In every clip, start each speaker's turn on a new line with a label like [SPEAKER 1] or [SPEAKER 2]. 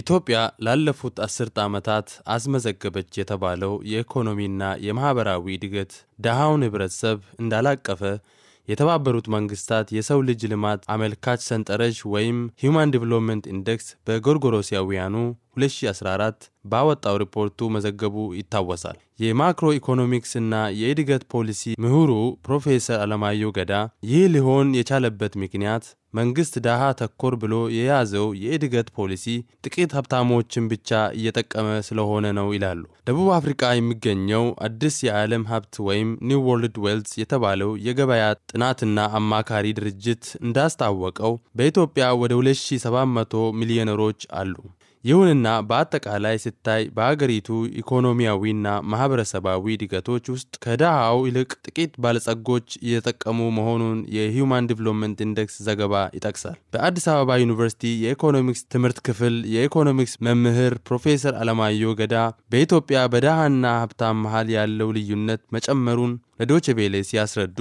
[SPEAKER 1] ኢትዮጵያ ላለፉት አስርተ ዓመታት አስመዘገበች የተባለው የኢኮኖሚና የማኅበራዊ እድገት ድሃውን ህብረተሰብ እንዳላቀፈ የተባበሩት መንግስታት የሰው ልጅ ልማት አመልካች ሰንጠረዥ ወይም ሂውማን ዲቨሎፕመንት ኢንዴክስ በጎርጎሮሲያውያኑ 2014 ባወጣው ሪፖርቱ መዘገቡ ይታወሳል። የማክሮ ኢኮኖሚክስ እና የእድገት ፖሊሲ ምሁሩ ፕሮፌሰር አለማየሁ ገዳ ይህ ሊሆን የቻለበት ምክንያት መንግስት ዳሃ ተኮር ብሎ የያዘው የእድገት ፖሊሲ ጥቂት ሀብታሞችን ብቻ እየጠቀመ ስለሆነ ነው ይላሉ። ደቡብ አፍሪካ የሚገኘው አዲስ የዓለም ሀብት ወይም ኒው ወርልድ ዌልዝ የተባለው የገበያ ጥናትና አማካሪ ድርጅት እንዳስታወቀው በኢትዮጵያ ወደ 2700 ሚሊዮነሮች አሉ። ይሁንና በአጠቃላይ ስታይ በአገሪቱ ኢኮኖሚያዊና ማህበረሰባዊ ድገቶች ውስጥ ከድሃው ይልቅ ጥቂት ባለጸጎች እየተጠቀሙ መሆኑን የሂውማን ዲቨሎፕመንት ኢንዴክስ ዘገባ ይጠቅሳል። በአዲስ አበባ ዩኒቨርሲቲ የኢኮኖሚክስ ትምህርት ክፍል የኢኮኖሚክስ መምህር ፕሮፌሰር አለማየሁ ገዳ በኢትዮጵያ በድሃና ሀብታም መሃል ያለው ልዩነት መጨመሩን ለዶቼ ቬሌ ሲያስረዱ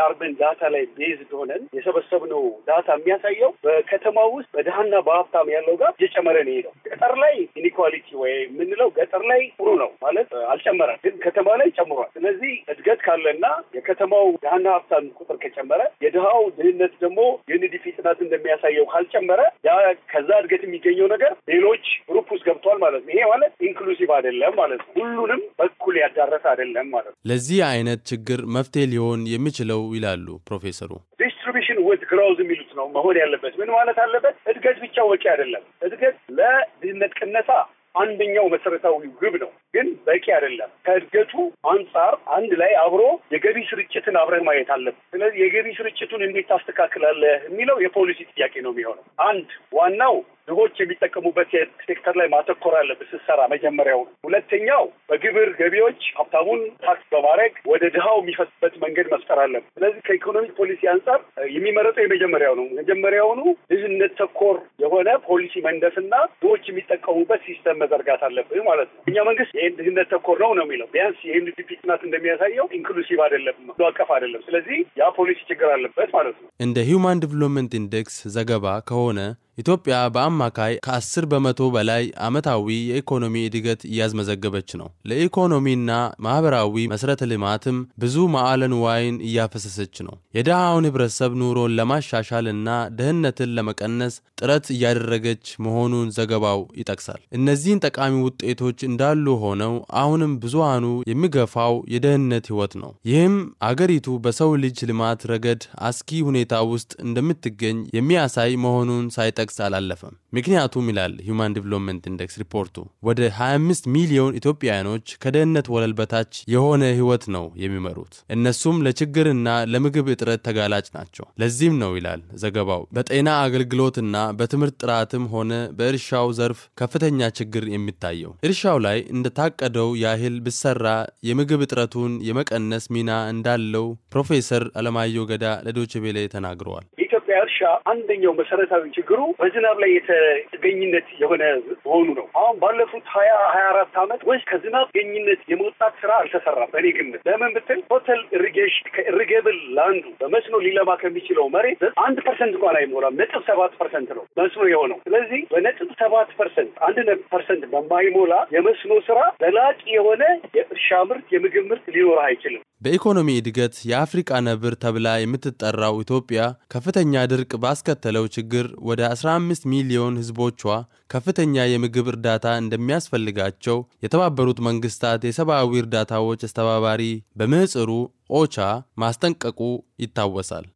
[SPEAKER 2] የአርብን ዳታ ላይ ቤዝድ ሆነን የሰበሰብነው ዳታ የሚያሳየው በከተማ ውስጥ በድሃና በሀብታም ያለው ጋር እየጨመረ ነው ሄደው። ገጠር ላይ ኢኒኳሊቲ ወይ የምንለው ገጠር ላይ ጥሩ ነው ማለት አልጨመረም፣ ግን ከተማ ላይ ጨምሯል። ስለዚህ እድገት ካለና የከተማው ድሃና ሀብታም ቁጥር ከጨመረ የድሃው ድህነት ደግሞ የንድፊ ጥናት እንደሚያሳየው ካልጨመረ ያ ከዛ እድገት የሚገኘው ነገር ሌሎች ግሩፕ ውስጥ ገብቷል ማለት ነው። ይሄ ማለት ኢንክሉሲቭ አይደለም ማለት ነው። ሁሉንም በኩል ያዳረሰ አይደለም ማለት ነው።
[SPEAKER 1] ለዚህ አይነት ችግር መፍትሄ ሊሆን የሚችለው ይላሉ ፕሮፌሰሩ።
[SPEAKER 2] ዲስትሪቢሽን ዊዝ ግሮዝ የሚሉት ነው መሆን ያለበት። ምን ማለት አለበት? እድገት ብቻ ወጪ አይደለም። እድገት ለድህነት ቅነሳ አንደኛው መሰረታዊ ግብ ነው፣ ግን በቂ አይደለም። ከእድገቱ አንጻር አንድ ላይ አብሮ የገቢ ስርጭትን አብረህ ማየት አለብህ። ስለዚህ የገቢ ስርጭቱን እንዴት ታስተካክላለህ የሚለው የፖሊሲ ጥያቄ ነው የሚሆነው። አንድ ዋናው ድሆች የሚጠቀሙበት ሴክተር ላይ ማተኮር አለብህ ስትሰራ መጀመሪያው። ሁለተኛው በግብር ገቢዎች ሀብታሙን ታክስ በማድረግ ወደ ድሃው የሚፈስበት መንገድ መፍጠር አለብህ። ስለዚህ ከኢኮኖሚክ ፖሊሲ አንጻር የሚመረጠው የመጀመሪያው ነው። መጀመሪያውኑ ድህነት ተኮር የሆነ ፖሊሲ መንደፍና ዜጎች የሚጠቀሙበት ሲስተም መዘርጋት አለብህ ማለት ነው። እኛ መንግስት ይህን ድህነት ተኮር ነው ነው የሚለው ቢያንስ ይህን ጥናት እንደሚያሳየው ኢንክሉሲቭ አይደለም፣ ሁሉ አቀፍ አይደለም። ስለዚህ ያ ፖሊሲ ችግር አለበት
[SPEAKER 1] ማለት ነው። እንደ ሂውማን ዲቨሎፕመንት ኢንዴክስ ዘገባ ከሆነ ኢትዮጵያ በአማካይ ከ10 በመቶ በላይ ዓመታዊ የኢኮኖሚ እድገት እያዝመዘገበች ነው። ለኢኮኖሚና ማህበራዊ መሰረተ ልማትም ብዙ መዋዕለ ንዋይን እያፈሰሰች ነው። የድሃውን ህብረተሰብ ኑሮን ለማሻሻልና ድህነትን ለመቀነስ ጥረት እያደረገች መሆኑን ዘገባው ይጠቅሳል። እነዚህን ጠቃሚ ውጤቶች እንዳሉ ሆነው አሁንም ብዙሃኑ የሚገፋው የድህነት ሕይወት ነው። ይህም አገሪቱ በሰው ልጅ ልማት ረገድ አስኪ ሁኔታ ውስጥ እንደምትገኝ የሚያሳይ መሆኑን ሳይጠቅስ ጥቅስ አላለፈም። ምክንያቱም ይላል ሂውማን ዲቨሎፕመንት ኢንደክስ ሪፖርቱ ወደ 25 ሚሊዮን ኢትዮጵያውያኖች ከደህንነት ወለል በታች የሆነ ህይወት ነው የሚመሩት። እነሱም ለችግርና ለምግብ እጥረት ተጋላጭ ናቸው። ለዚህም ነው ይላል ዘገባው በጤና አገልግሎትና በትምህርት ጥራትም ሆነ በእርሻው ዘርፍ ከፍተኛ ችግር የሚታየው። እርሻው ላይ እንደታቀደው ያህል ብሰራ የምግብ እጥረቱን የመቀነስ ሚና እንዳለው ፕሮፌሰር አለማየሁ ገዳ ለዶችቤሌ ተናግረዋል።
[SPEAKER 2] አንደኛው መሰረታዊ ችግሩ በዝናብ ላይ የተገኝነት የሆነ መሆኑ ነው። አሁን ባለፉት ሀያ ሀያ አራት ዓመት ወይ ከዝናብ ገኝነት የመውጣት ስራ አልተሰራም። በእኔ ግምት ለምን ብትል ቶታል ኢሪጌሽን ከኢሪጌብል ለአንዱ በመስኖ ሊለማ ከሚችለው መሬት አንድ ፐርሰንት እንኳን አይሞላም። ነጥብ ሰባት ፐርሰንት ነው መስኖ የሆነው። ስለዚህ በነጥብ ሰባት ፐርሰንት አንድ ፐርሰንት በማይሞላ የመስኖ ስራ ዘላቂ የሆነ የእርሻ ምርት፣ የምግብ ምርት ሊኖር አይችልም።
[SPEAKER 1] በኢኮኖሚ እድገት የአፍሪቃ ነብር ተብላ የምትጠራው ኢትዮጵያ ከፍተኛ ድርቅ ባስከተለው ችግር ወደ 15 ሚሊዮን ሕዝቦቿ ከፍተኛ የምግብ እርዳታ እንደሚያስፈልጋቸው የተባበሩት መንግስታት የሰብአዊ እርዳታዎች አስተባባሪ በምህጽሩ ኦቻ ማስጠንቀቁ ይታወሳል።